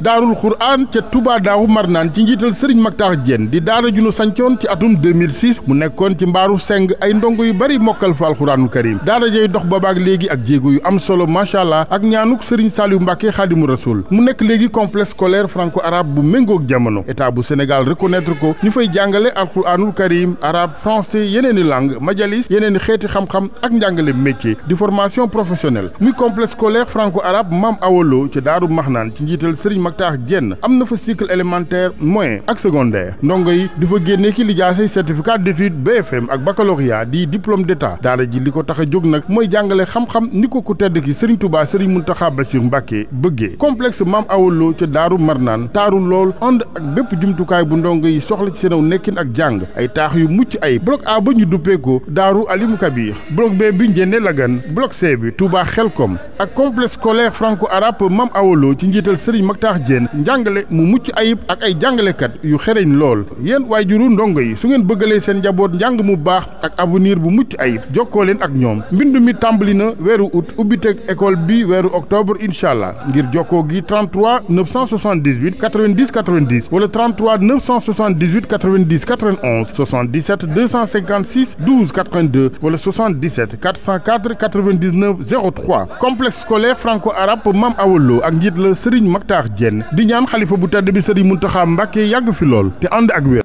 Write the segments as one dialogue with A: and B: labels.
A: daarul xuraan ca Touba daawu marnaan ci njiital Serigne Mactar Diène di daara junu sancoon ci atum 2006 mu nekkoon ci mbaaru seng ay ndongo yu bari mokkal fa alxuraanul karim daara jay dox boobaak léegi ak jéego yu am solo macha allah ak ñaanuk Serigne Saliou Mbacke xaadimu rasul mu nekk léegi complexe scolaire franco arabe bu méngook jamono état bu Sénégal reconnaître ko ñu fay jàngale alxuraanul karim arabe français yeneeni langue majalis yeneeni xeeti xam-xam ak njàngale métier di formation professionnelle muy complexe scolaire franco arabe maam awolo ca daaru marnaan ci njiital Serigne Mactar Diène am na fa cycle élémentaire moyen ak secondaire ndongo yi di fa génne ki lijaasay certificat d'études BFM ak baccalauréat di diplôme d'état daara ji li ko tax a jóg nag mooy jàngale xam-xam ni ko ku tedd ki Serigne Touba Serigne Mountakha Bassirou Mbacké bëggee complexe Mame Awa Lo ca Daaru Marnaan taaru lool ànd ak bépp jumtukaay bu ndongo yi soxla ci seenaw nekkin ak jàng ay taax yu mucc ay bloc A ba ñu duppeekoo Daaru Alimu Kabir bloc B bi Njéene Lagan bloc C bi Touba Xelkom ak complexe scolaire franco-arabe Mame Awa ci njiital Serigne Mactar Diène njàngale mu mucc ayib ak ay jàngalekat yu xereñ lool yéen waajuru ndongo yi su ngeen bëggalee seen njaboot njàng mu baax ak avenir bu mucc ayib jokkoo ak ñoom mbindu mi tàmbali na weeru août ubbiteg école bi weeru octobre incha allah ngir jokkoo gi 33 978 90 90 wala 33 978 90 91 77 256 12 82 wala 77 404 99 03 complexe franco arabe Mam Awolo ak njiit la Serigne Maktar Diène di ñaan xalifa bu tedd bi sëriñ Muntaxa Mbàkke yàgg fi lool te ànd ak wér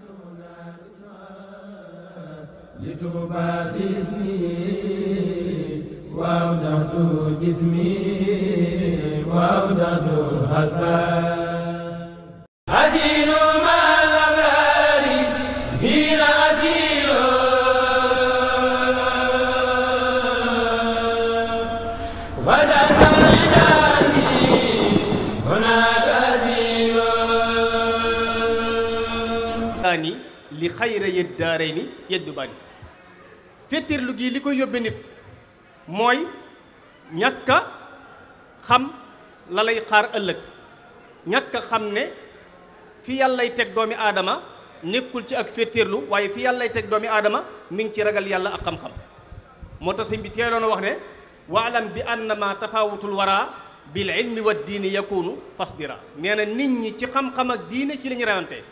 B: xayra yët daaray ni yëddu bari féetéerlu li koy yóbbe nit mooy ñàkk xam la lay xaar ëllëg ñàkk xam ne fi yàllay teg doomi aadama nekkul ci ak féetéerlu waaye fi yàllay teg doomi aadama mi ngi ci ragal yàlla ak xam-xam moo tax bi teeloon wax ne waalam bi annama tafawutul wara bil ilmi wa diini yakunu fasbira nee na nit ñi ci xam-xam ak diine ci la ñu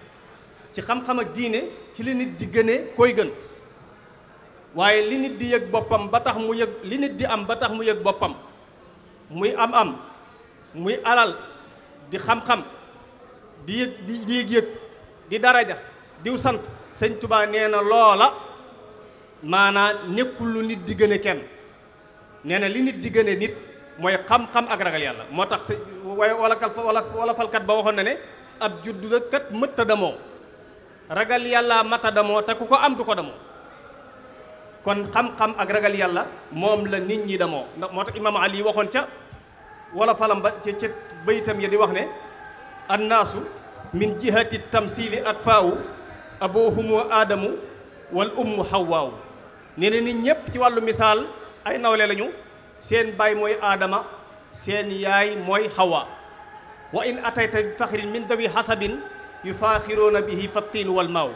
B: ci xam-xam ak diine ci li nit di gën koy gën waaye li nit di yég boppam ba tax mu yëg li nit di am ba tax mu yëg boppam muy am-am muy alal di xam-xam di yëg di yëg-yëg di daraja diw sant sëñ Tuubaa nee na loola maanaa nekkul lu nit di gën kenn nee na li nit di gëne nit mooy xam-xam ak ragal yàlla moo tax si waaye wala wala falkat ba waxoon na ne ab juddu la kat mëtta damoo ragal yàlla mata damoo te ko am du ko damoo kon xam-xam ak ragal yàlla moom la nit ñi damoo ndax moo tax imaam ali waxoon ca wala falam ba ca ca ya di wax ne annaasu min jihati tamsili ak faawu aboohumu aadamu wal ummu xawwaaw nee na nit ñépp ci wàllu misaal ay nawle lañu seen baay mooy aadama seen yaay mooy xawa wa in atayta bi faxrin min dawi xasabin yu faaxiroona bihi fattiin wal maaw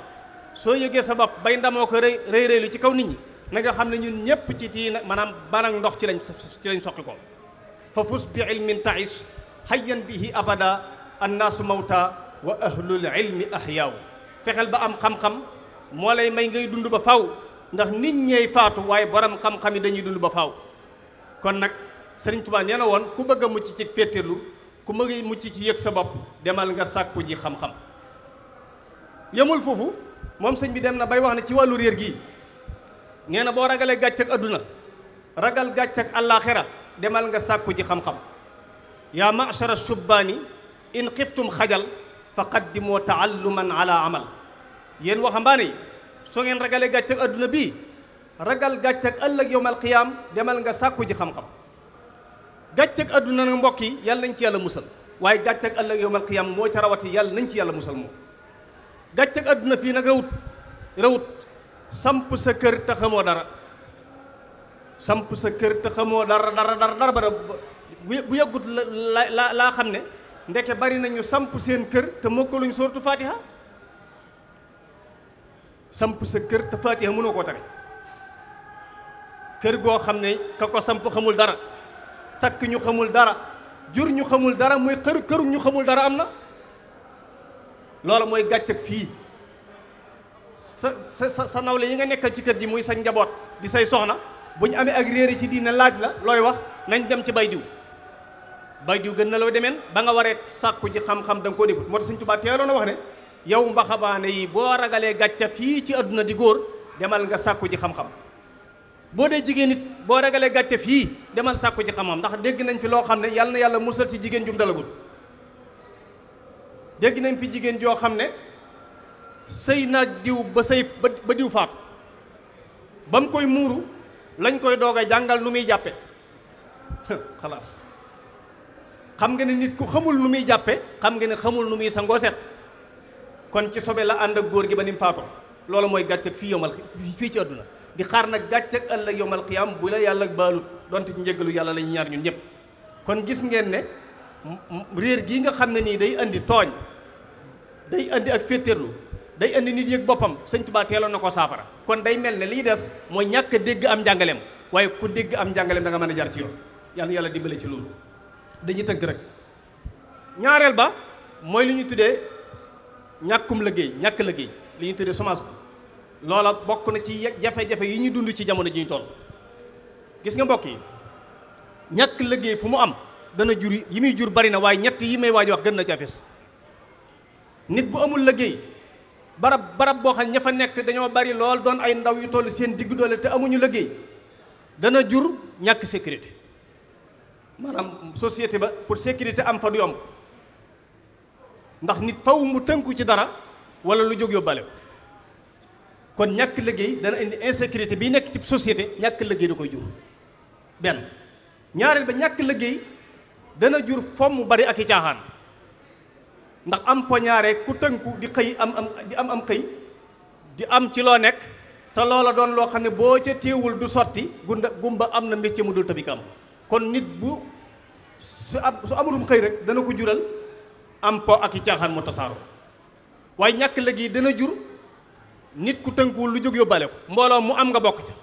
B: soo yëgee sa bopp bay ndamoo ko rëy rëylu ci kaw nit ñi na xam ne ñun ñépp ci tii maanaam banag ndox ci lañ ci lañ soqi ko fa fus bi ilmin ta'ish bi bihi abada annaasu mawta wa ahlul ilmi ahyaaw fexeel ba am xam-xam moo lay may ngay dund ba faw ndax nit ñey faatu waaye borom xam-xam yi dañuy dund ba faw kon nag Sëriñ Tuubaa nee na woon ku bëgg mucc ci féetéerlu ku mëgg mucc ci yëg sa bopp demal nga sàkku ji xam-xam yemul foofu moom sëñ bi dem na bay wax na ci wàllu réer gi nee na boo ragalee gàcc ak ragal gàcc ak demal nga sàkku ji xam-xam yaa machara subbaani in xiftum xajal fa qaddimoo taalluman ala amal yéen waxambaane yi soo ngeen ragalee gàcc ak adduna bii ragal gàcc ak yow yowm alqiyaam demal nga sàkku ji xam-xam gàcc ak na nag mbokk yi yàlla nañ ci yàlla musal waaye gàcc ak ëllëg yowm alqiyaam moo ca rawati yàlla nañ ci yàlla musal moom gàcce ak àdduna fii nag rawut rawut samp sa kër te xamoo dara samp sa kër te xamoo dara dara dara dara bu yàggut la laa xam ne ndeke bari nañu samp seen kër te mokkaluñ sortu fatiha samp sa kër te fatiha mënoo koo tare kër goo xam ne ka ko samp xamul dara takk ñu xamul dara jur ñu xamul dara muy kër këru ñu xamul dara am na loolu mooy gàcc ak fii sa sa sa nawle yi nga nekkal ci kër gi muy sa njaboot di say soxna bu ñu amee ak réere ci diina laaj la looy wax nañ dem ci bay diw bay diw gën na loo demeen ba nga waree sàkku ji xam-xam da nga koo defut moo tax Sëñ Tuubaa teeloon a wax ne yow mbaxabaane yi boo ragalee gàcca fii ci adduna di góor demal nga sàkku ji xam-xam boo dee jigéen it boo ragalee gàcce fii demal sàkku ji xam-xam ndax dégg nañ fi loo xam ne yàlla na yàlla musal ci jigéen jum dalagul dégg nañ fi jigéen joo xam ne sëy naag diw ba sëy ba diw faatu ba mu koy muuru lañ koy doog jàngal nu muy jàppe xalaas xam nga ne nit ku xamul nu muy jàppe xam nga ne xamul nu muy sangoo set kon ci sobe la ànd ak góor gi ba ni mu faatoo loolu mooy gàcce fii yomal fii ci àdduna di xaar nag gàcce ak ëllëg yomal xiyaam bu la yàlla baalut donte ci njëgalu yàlla lañ ñaar ñun ñëpp kon gis ngeen ne réer gii nga xam ne nii day indi tooñ day andi ak féetéerlu day indi nit yëg boppam sëñ Tuubaa teeloon na ko saafara kon day mel ne lii des mooy ñàkk dégg am njàngaleem waaye ku dégg am njàngaleem danga mën a jar ci yoon yàlla yàlla dimbale ci loolu dañuy tënk rek ñaareel ba mooy li ñu tuddee ñàkkum liggéey ñàkk liggéey li ñu tuddee semence bi loola bokk na ci jafe-jafe yi ñu dund ci jamono ji ñu toll gis nga mbokk yi ñàkk liggéey fu mu am dana jur yi muy jur bari na waaye ñett yi may waaj wax gën na ca nit bu amul liggéey barab barab boo xam ña fa nekk dañoo bari lool doon ay ndaw yu toll seen diggu doole te amuñu liggéey dana jur ñàkk sécurité maanaam société ba pour sécurité am fa du yomb ndax nit faw mu tënku ci dara wala lu jóg yóbbale ko kon ñàkk liggéey dana indi insécurité bi nekk ci société ñàkk liggéey da koy jur benn ñaareel ba ñàkk liggéey dana jur fomm mu bari ak i caaxaan ndax am poñaare ku tënku di xëy am am di am am xëy di am ci loo nekk te loola doon loo xam ne boo ca téewul du sotti gunda gumba am na mbécce mu dul tabikam kon nit bu su am su amulum xëy rek dana ko jural ampo ak i caaxaan mu tasaaroo waaye ñàkk léegi dana jur nit ku tënkuwul lu jóg yóbbaale ko mbooloo mu am nga bokk ca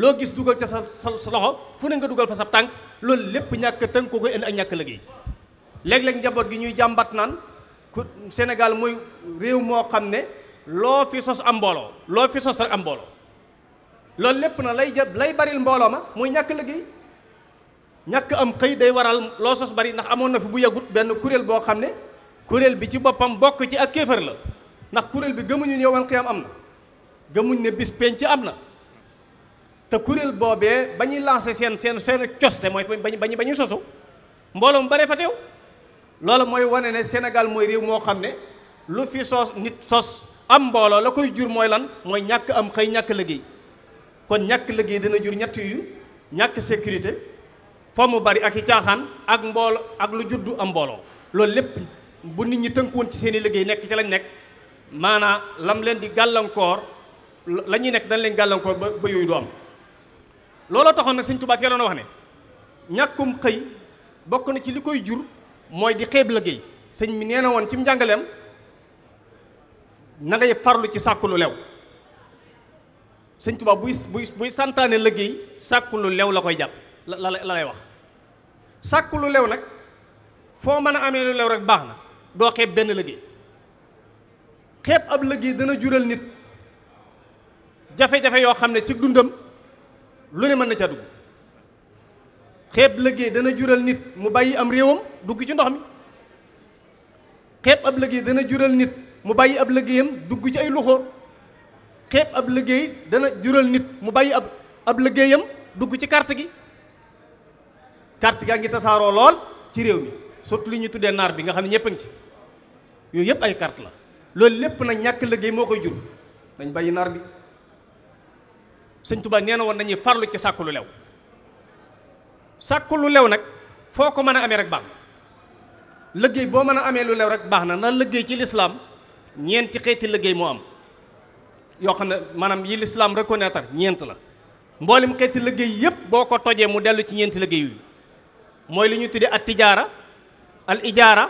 B: loo gis dugal ca sa sa loxo fu ne nga dugal fa sa tànk loolu lépp ñàkk tënku ko indi ak ñàkk léegi léeg-léeg njaboot gi ñuy jàmbat naan ku Sénégal mooy réew moo xam ne loo fi sos am mbooloo loo fi sos rek am mbooloo loolu lépp na lay jë lay baril mbooloo ma muy ñàkk liggéey ñàkk am xëy day waral loo sos bari ndax amoon na fi bu yàggut benn kuréel boo xam ne kuréel bi ci boppam bokk ci ak kéefar la ndax kuréel bi gëmuñu ne yow xiyam am na gëmuñ ne bis penc am na te kuréel boobee ba ñuy lancé seen seen seen coste mooy ba ñu ba ñuy sosu mbooloo mu baree fa teew. loolu mooy wane ne Sénégal mooy réew moo xam ne lu fi soos nit sos am mbooloo la koy jur mooy lan mooy ñàkk am xëy ñàkk liggéey kon ñàkk liggéey dina jur ñett yu ñàkk sécurité fo mu bari ak yi caaxaan ak mboolo ak lu juddu am mbooloo loolu lépp bu nit ñi tënkuwoon ci seen i liggéey nekk ci lañu nekk maanaa lam leen di gàllankoor la ñuy nekk dañ leen gàllankoor ba ba yooyu du am looloo taxoon nag Sëñ Tuubaa ci doon wax ne ñàkkum xëy bokk na ci li koy jur mooy di xeeb liggéey sëñ mi nee na woon ci njàngaleem na ngay farlu ci sàkku lu lew sëñ Tuubaa buy buy buy santaane liggéey sàkku lu lew la koy jàpp la la lay wax sàkku lu lew nag foo mën a amee lu lew rek baax na doo xeeb benn liggéey xeeb ab liggéey dana jural nit jafe-jafe yoo xam ne ci dundam lu ne mën na ca dugg xeeb liggéey dana jural nit mu bàyyi am réewam dugg ci ndox mi xeeb ab liggéey dana jural nit mu bàyyi ab liggéeyam dugg ci ay loxoor xeeb ab liggéey dana jural nit mu bàyyi ab ab liggéeyam dugg ci carte gi carte gaa ngi tasaaroo lool ci réew mi surtout li ñu tuddee naar bi nga xam ne ñëpp a ci yooyu yëpp ay kart la loolu lépp na ñàkk liggéey moo koy jur dañ bàyyi naar bi sëñ Tuubaa nee na woon nañuy farlu ci sàkku lu lew sàkku lu lew nag foo ko mën a amee rek baax na liggéey boo mën a amee lu lew rek baax na na liggéey ci lislaam ñeenti xeeti liggéey moo am yoo xam ne maanaam yi lislaam reconnaître ñeent la mboolem xeeti liggéey yépp boo ko tojee mu dellu ci ñeenti liggéey yu mooy li ñu tuddee at tijaara al ijaara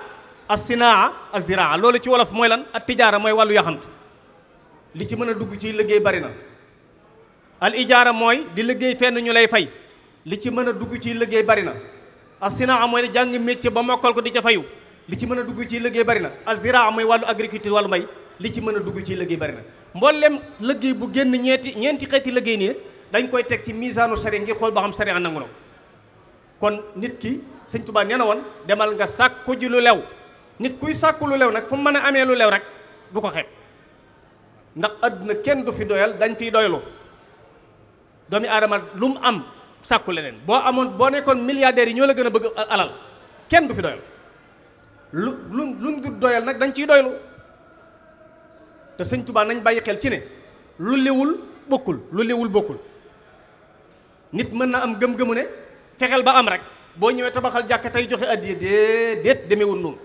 B: as sinaa as loolu ci wolof mooy lan at tijaara mooy wàllu yaxantu li ci mën a dugg ci liggéey bari na al ijaara mooy di liggéey fenn ñu lay fay li ci mën a dugg ci liggéey bari na asinaa mooy jàng métier ba mokkal ko di ca fayu li ci mën a dugg ci liggéey bari na aziraa mooy wàllu agriculture wàllu may li ci mën a dugg ci liggéey bari na mboolem liggéey bu génn ñeenti ñeenti xeeti liggéey nii dañ koy teg ci misaanu sari ngir xool ba xam sari nangu na kon nit ki sëñ Tuubaa nee na woon demal nga sàkku ji lu lew nit kuy sàkku lu lew nag fu mën a amee lu lew rek bu ko xeeb ndax àdduna kenn du fi doyal dañ fiy doylu sàkku leneen boo amoon boo nekkoon milliardaires yi ñoo la gën a bëgg alal kenn du fi doyal lu lu lu du doyal nag dañ ciy doylu te sëñ Tuubaa nañ bàyyi xel ci ne lu liwul bokkul lu liwul bokkul nit mën na am gëm-gëmu ne fexeel ba am rek boo ñëwee tabaxal jàkka tey joxe addiya déedéet demewul noonu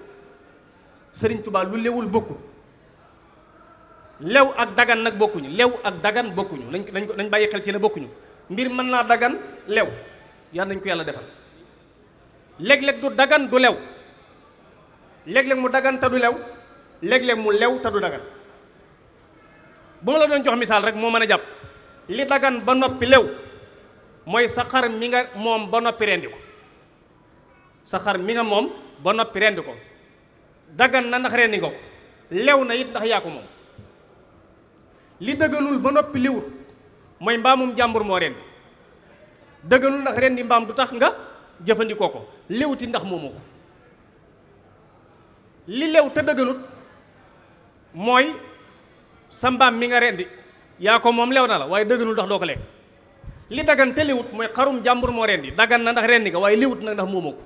B: sëriñ Tuubaa lu lewul bokkul lew ak dagan nag bokkuñu lew ak dagan bokkuñu nañ ko nañ bàyyi xel ci ne bokkuñu mbir mën naa daggan lew yàlla nañ ko yàlla defal léeg-léeg du dagan du lew léeg-léeg mu dagan te du lew léeg-léeg mu lew te du dagan bu ma la doon jox misaal rek moo mën a jàpp li dagan ba noppi lew mooy sa xar mi nga moom ba noppi rendi ko sa mi nga moom ba noppi ko dagan na ndax rendi nga ko lew na it ndax yaa ko moom li dëgganul ba noppi liwut mooy mbaamum jàmbur moo ren dëgganul ndax ren di mbaam du tax nga jëfandikoo ko lewti ndax moomu ko li lew te dëgganut mooy sa mbaam mi nga rendi yaa ko moom lew na la waaye dëgganul ndax doo ko lekk li dagan te liwut mooy xarum jàmbur moo rendi daggan na ndax rendi nga waaye liwut nag ndax moomu ko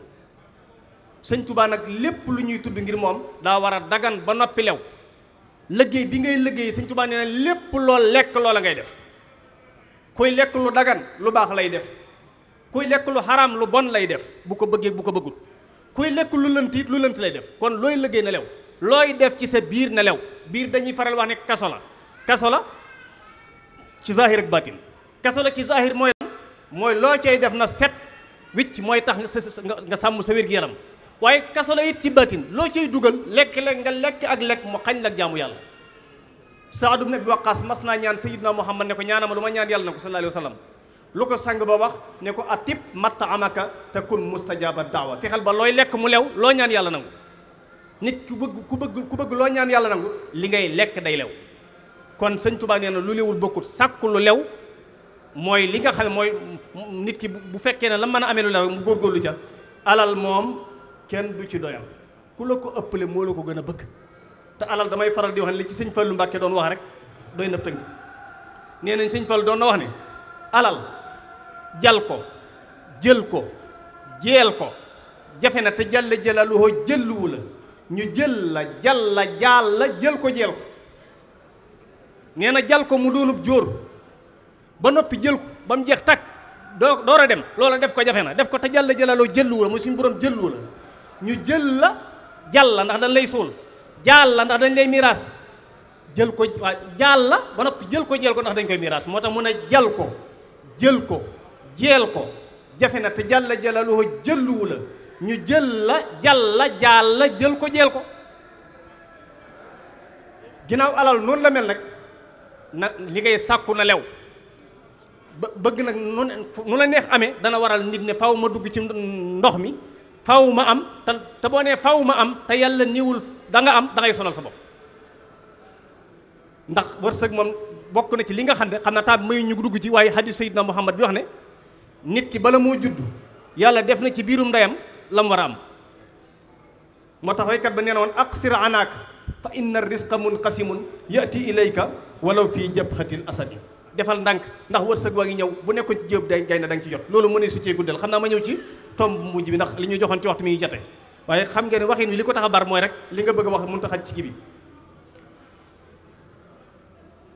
B: sëñ Tuubaa nag lépp lu ñuy tudd ngir moom daa war daggan ba noppi lew léggéey bi ngay liggéey sëñ tubaan nee na lépp lool lekk loola ngay def kuy lekk lu dagan lu baax lay def kuy lekk lu xaraam lu bon lay def bu ko bëggee bu ko bëggul kuy lekk lu lënt it lu lënt lay def kon looy liggéey na lew looy def ci sa biir na lew biir dañuy faral wax ne kaso la kaso la ci zahir ak batin kaso la ci zahir mooy mooy loo cay def na set wicc mooy tax nga sàmm sa wér-gi-yaram waaye kaso la it ci batin loo cay dugal lekk la nga lekk ak lekk mu xañ la jaamu yàlla Saadu ne Abi Waqaas mas naa ñaan Sayyidna Muhammad ne ko ñaanama lu ma ñaan yàlla na ko sallallahu alayhi wa sallam lu ko sang ba wax ne ko atib matta amaka te kun mustajaaba daawa fexeel ba looy lekk mu lew loo ñaan yàlla nangu nit ku bëgg ku bëgg ku bëgg loo ñaan yàlla nangu li ngay lekk day lew kon sëñ Tuubaa nee na lu lewul bokkut sàkku lu lew mooy li nga xam ne mooy nit ki bu fekkee ne la mën a amee lu lew mu góorgóorlu ca alal moom kenn du ci doyam ku la ko ëppale moo la ko gën a bëgg te alal damay faral di wax ne li ci sëñ Fallu Mbàkke doon wax rek doy na tënk nee nañ sëñ Fallu doon na wax ne alal jal ko jël ko jeel ko jafe na te jàll jalaluhoo jëlluwu la ñu jël la jal la jaal la jël ko jeel ko nee na jal ko mu doonub jóor ba noppi jël ko ba mu jeex takk doo door a dem loola def ko jafe na def ko te jàll jëlaloo jëlluwu la mooy suñu borom jëlluwu la ñu jël la jàll la ndax dañ lay suul jaal la ndax dañ lay miraas jël ko waa jaal la ba noppi jël ko jël ko ndax dañ koy miraas moo tax mu ne jal ko jël ko jeel ko jafe na te jàll jalaluhu jëlluwu la ñu jël la jàll la jaal la jël ko jeel ko ginnaaw alal noonu la mel nag nag li ngay sàkku na lew bëgg nag nu la neex amee dana waral nit ne faw ma dugg ci ndox mi faw ma am te te boo faw ma am te yàlla niwul danga am da ngay sonal sa bopp ndax wërsëg moom bokk na ci li nga xam ne xam na taab mayu ñu dugg ci waaye hadis sayyidna Muhammad bi wax ne nit ki bala moo judd yàlla def na ci biirum ndeyam lam war a am moo tax waykat ba nee na woon aqsir anaaka fa inna risqa munqasimun yati ilayka walaw fii jabhatil asadi defal ndànk ndax wërsëg waa ngi ñëw bu nekkoon ci jéeb day gay na da nga ci jot loolu mu ne su cee guddal xam naa ma ñëw ci tomb mujj bi ndax li ñu joxoon ci waxtu mi ngi waaye xam nga ne waxin wi li ko tax a bar mooy rek li nga bëgg a wax mënut a xaj ci kii bi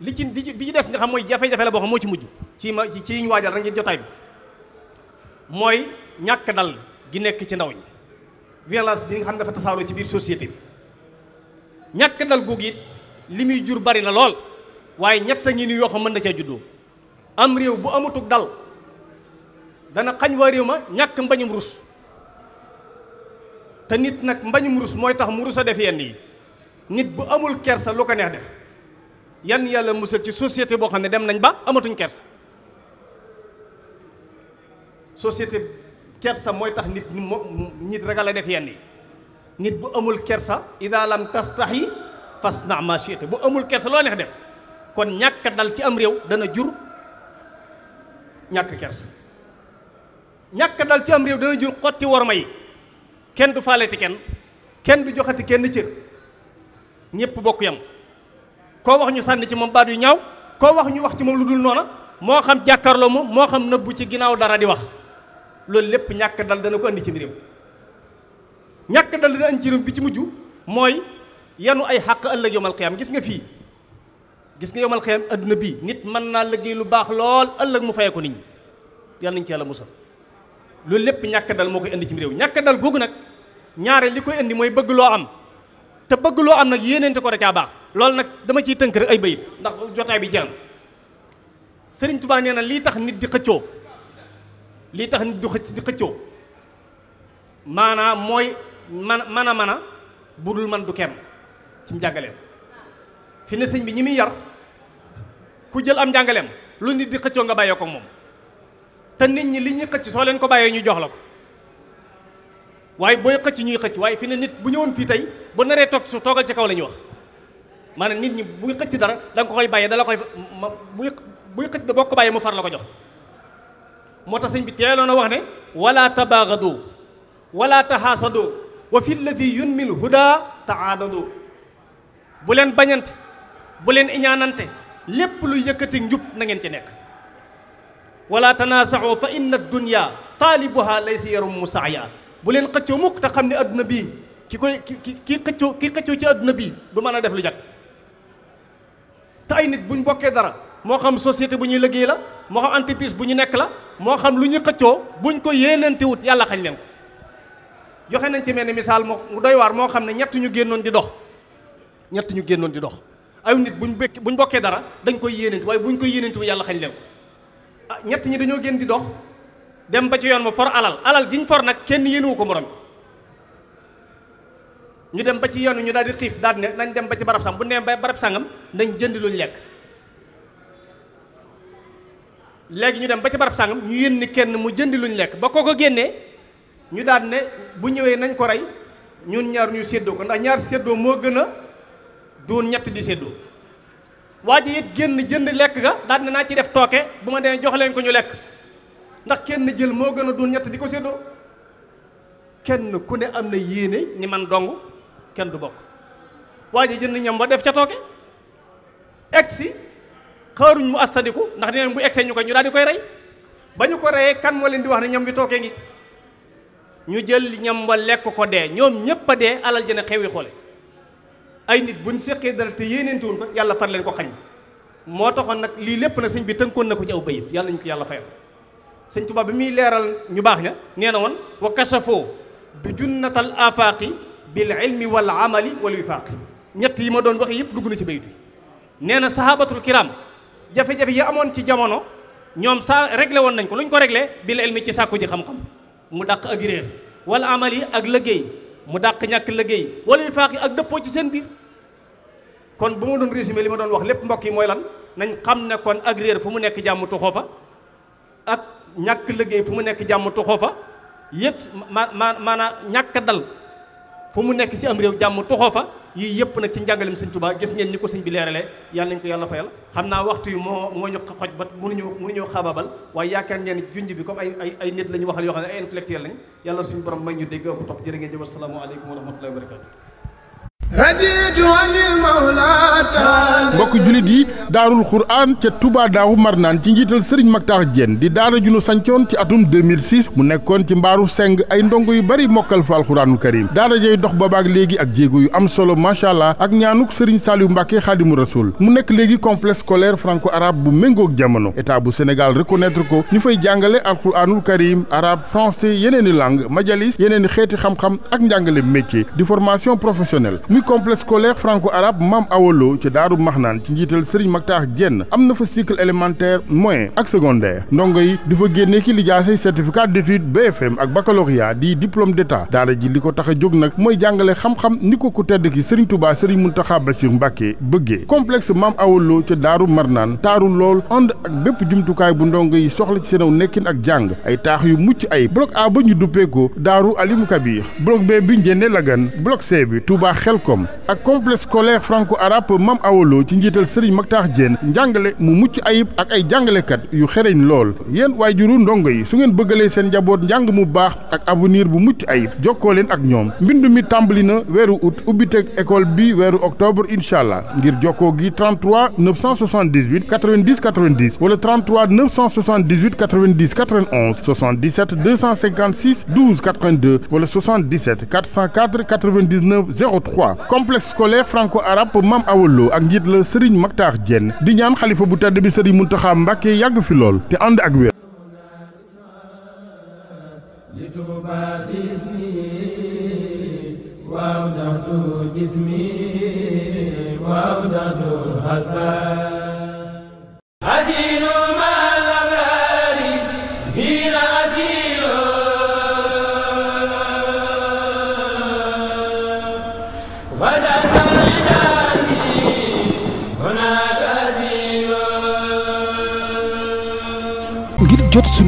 B: li ci li bi ci des nga xam mooy jafe-jafe la boo xam moo ci mujj ci ma ci ñu waajal rek ngeen jotaay bi mooy ñàkk dal gi nekk ci ndaw ñi violence bi nga xam ne dafa tasaaroo ci biir société bi ñàkk dal googu it li muy jur bari na lool waaye ñett a ngi nii yoo xam mën na cee juddoo am réew bu amatuk dal dana xañ waa réew ma ñàkk mbañum rus te nit nag mbañ murus mooy tax mu rus def yenn yi nit bu amul kersa lu ko neex def yan yàlla musal ci société boo xam ne dem nañ ba amatuñ kersa société kersa mooy tax nit nit ragal a def yenn yi nit bu amul kersa ida lam tastahi fasna ma shi'ta bu amul kersa loo neex def kon ñàkk dal ci am réew dana jur ñàkk kersa ñàkk dal ci am réew dana jur xotti worma yi kenn du faaleti kenn kenn du joxati kenn cër ñépp bokk yam koo wax ñu sànni ci moom baat yu ñaaw koo wax ñu wax ci moom lu dul noona moo xam jàkkaarloo moom moo xam nëbbu ci ginnaaw dara di wax loolu lépp ñàkk dal dana ko andi ci mbiram ñàkk dal dana andi ci mbiram bi ci mujj mooy yanu ay xàq ëllëg yomal xiyam gis nga fii gis nga yomal xiyam adduna bii nit mën naa liggéey lu baax lool ëllëg mu fay ko nit ñi yal ci yàlla musal loolu lépp ñàkk dal moo koy indi ci réew ñàkk dal googu nag ñaare li koy indi mooy bëgg loo am te bëgg loo am nag yéeneente ko da caa baax loolu nag dama ciy tënk rek ay bayit ndax jotaay bi jeex na Sëriñ Tuubaa nee na lii tax nit di xëccoo lii tax nit du xëcc di xëccoo maanaa mooy man man a man a bu dul man du kenn ci njàngaleem fi ne sëñ bi ñi muy yar ku jël am njàngaleem lu nit di xëccoo nga bàyyee ko moom te nit ñi li ñuy xëcc soo leen ko bàyyee ñuy jox la ko waaye booy xëcc ñuy xëcc waaye fi ne nit bu ñëwoon fii tey bu naree toog su toogal ci kaw la ñuy wax maanaam nit ñi buy xëcc dara da nga ko koy bàyyee dala koy ma buy buy xëcc da bokk ko bàyyee mu far la ko jox moo tax sëñ bi teeloon a wax ne wallaa tabaagadu wala taxaasadu wa fi lladi yunmil huda taadadu bu leen bañante bu leen iñaanante lépp luy yëkkati njub na ngeen ci nekk wala tanaasaxoo fa inna dunya taalibuha laysa yarum musaaya bu leen xëccoo mukk te xam ne àdduna bii ki koy ki ki xëccoo ki xëccoo ci àdduna bii du mën a def lu jag te ay nit buñ bokkee dara moo xam société bu ñuy liggéey la moo xam entreprise bu ñu nekk la moo xam lu ñu xëccoo buñ ko yéenante wut yàlla xañ leen ko joxe nañ ci mel ni misaal mu doy waar moo xam ne ñett ñu génnoon di dox ñett ñu génnoon di dox ay nit buñ bekk buñ bokkee dara dañ koy yéenante waaye buñ ko yéenante wu yàlla xañ leen Ah, ñett ñi dañoo gën di dox dem ba ci yoon ma for alal alal jiñ for nag kenn yéenuwu ko morom ñu dem ba ci yoon ñu daal di xiif daal ne nañ dem ba ci barab sàngam bu ne ba barab sàngam nañ jënd luñ lekk léegi ñu dem ba ci barab sangam ñu yéen ni kenn mu jënd luñ lekk ba koo ko génnee ñu daal ne bu ñëwee nañ ko rey ñun ñaar ñu séddoo ko ndax ñaar séddoo moo gën a doon ñett di séddoo waa ji it génn jënd lekk ga daal ne naa ci def tooke bu ma demee jox leen ko ñu lekk ndax kenn jël moo gën a doon ñett di ko séddoo kenn ku ne am na yéene ni man dong kenn du bokk waa ji jënd ñam ba def ca tooke egg si xaaruñ mu astadiku ndax nee bu egsee ñu ko ñu daal di koy rey ba ñu ko reyee kan wa leen di wax ne ñam bi tookee ngi ñu jël ñam ba lekk ko dee ñoom ñëpp a dee alal jëne xewi xoole ay nit buñ seqee dara te yéeneente woon ko yàlla far leen ko xañ moo tax taxoon nag lii lépp nag sëñ bi tënkoon na ko ci aw bayit yàlla ñu ko yàlla fayal sëñ Tuubaa bi muy leeral ñu baax ña nee na woon wa kashafoo bi junnatal afaaqi bil ilmi wal amali wal wifaaqi ñett yi ma doon wax yëpp dugg na ci bayit bi nee na sahabatul kiram jafe-jafe yi amoon ci jamono ñoom saa réglé woon nañ ko lu ko regle bil ilmi ci sàkku ji xam-xam mu dàq ak réer wal amali ak liggéey mu dàq ñàkk liggéey wala faaq yi ak dëppoo ci seen biir kon bu ma doon résimé li ma doon wax lépp mbokk yi mooy lan nañ xam ne kon ak réer fu mu nekk jàmm tuxoo fa ak ñàkk liggéey fu mu nekk jàmm tuxoo fa yëg ma ma maanaam ñàkk dal fu mu nekk ci am réew jàmm tuxoo fa yii yëpp nag ci njàngalem sëñ Tuubaa gis ngeen ni ko sëñ bi leeralee yàlla nañ ko yàlla fayal xam naa waxtu yi moo moo ñu xoj ba mënuñu mënuñu xaabaabal waaye yaakaar ngeen junj bi comme ay ay nit la ñu waxal yoo xam ne ay intellectuel lañ yàlla suñu borom may ñu dégg ko topp jërë ngeen jëf asalaamaaleykum wa rahmatullahi wa
A: mbokk jullit yi daarul xuraan ca Touba Daaru Marnaan ci njiital Serigne Mactar Diène di daara ju nu sancoon ci atum 2006 mu nekkoon ci mbaaru seng ay ndongo yu bari mokkal fa alxuraanul karim daara jay dox boobaak léegi ak jéego yu am solo macha allah ak ñaanuk Serigne Saliou Mbacke xaadimu rasul mu nekk léegi complexe scolaire franco arabe bu méngoog jamono état bu Sénégal reconnaître ko ñu fay jàngale alxuraanul karim arabe français yeneeni langue majalis yeneeni xeeti xam ak njàngale métier di formation professionnelle muy complexe scolaire franco-arabe Maam Awa Lo ca Daaru Maxnaan ci njiital Serigne Maktaax Jenn am na fa cycle élémentaire moyen ak secondaire ndongo yi di fa génne ki lijaase certificat d'études BFM ak baccalauréat di diplôme d'état daara ji li ko tax a jóg nag mooy jàngale xam-xam ni ko ku tedd ki Serigne Touba Serigne Mountakha Bassirou Mbacké bëggee complexe Maam Awa Lo ca Daaru Marnaan taaru lool ànd ak bépp jumtukaay bu ndongo yi soxla ci seenaw nekkin ak jàng ay taax yu mucc ay bloc A ba ñu duppee Daaru Alimu bi Njéene Lagan bloc C koom ak complexe scolaire franco-arabe Mam Awolo ci njiital Serigne Makhtar Diène njàngale mu mucc ayib ak ay jàngalekat yu xereñ lool yéen waajuru ndongo yi su ngeen bëggalee seen njaboot njàng mu baax ak avenir bu mucc ayib jokkooleen ak ñoom mbind mi na weeru août ubbiteg école bi weeru octobre incha allah ngir jokkoo gi 33 978 90 90 wala 33 978 90 91 77 wala Touba complexe scolaire franco-arabe Mam Awa Lo ak njiit la Serigne Mactar Diène di ñaan xalifa bu tedd bi Serigne Mountakha Mbacké yàgg fi lool te ànd ak wér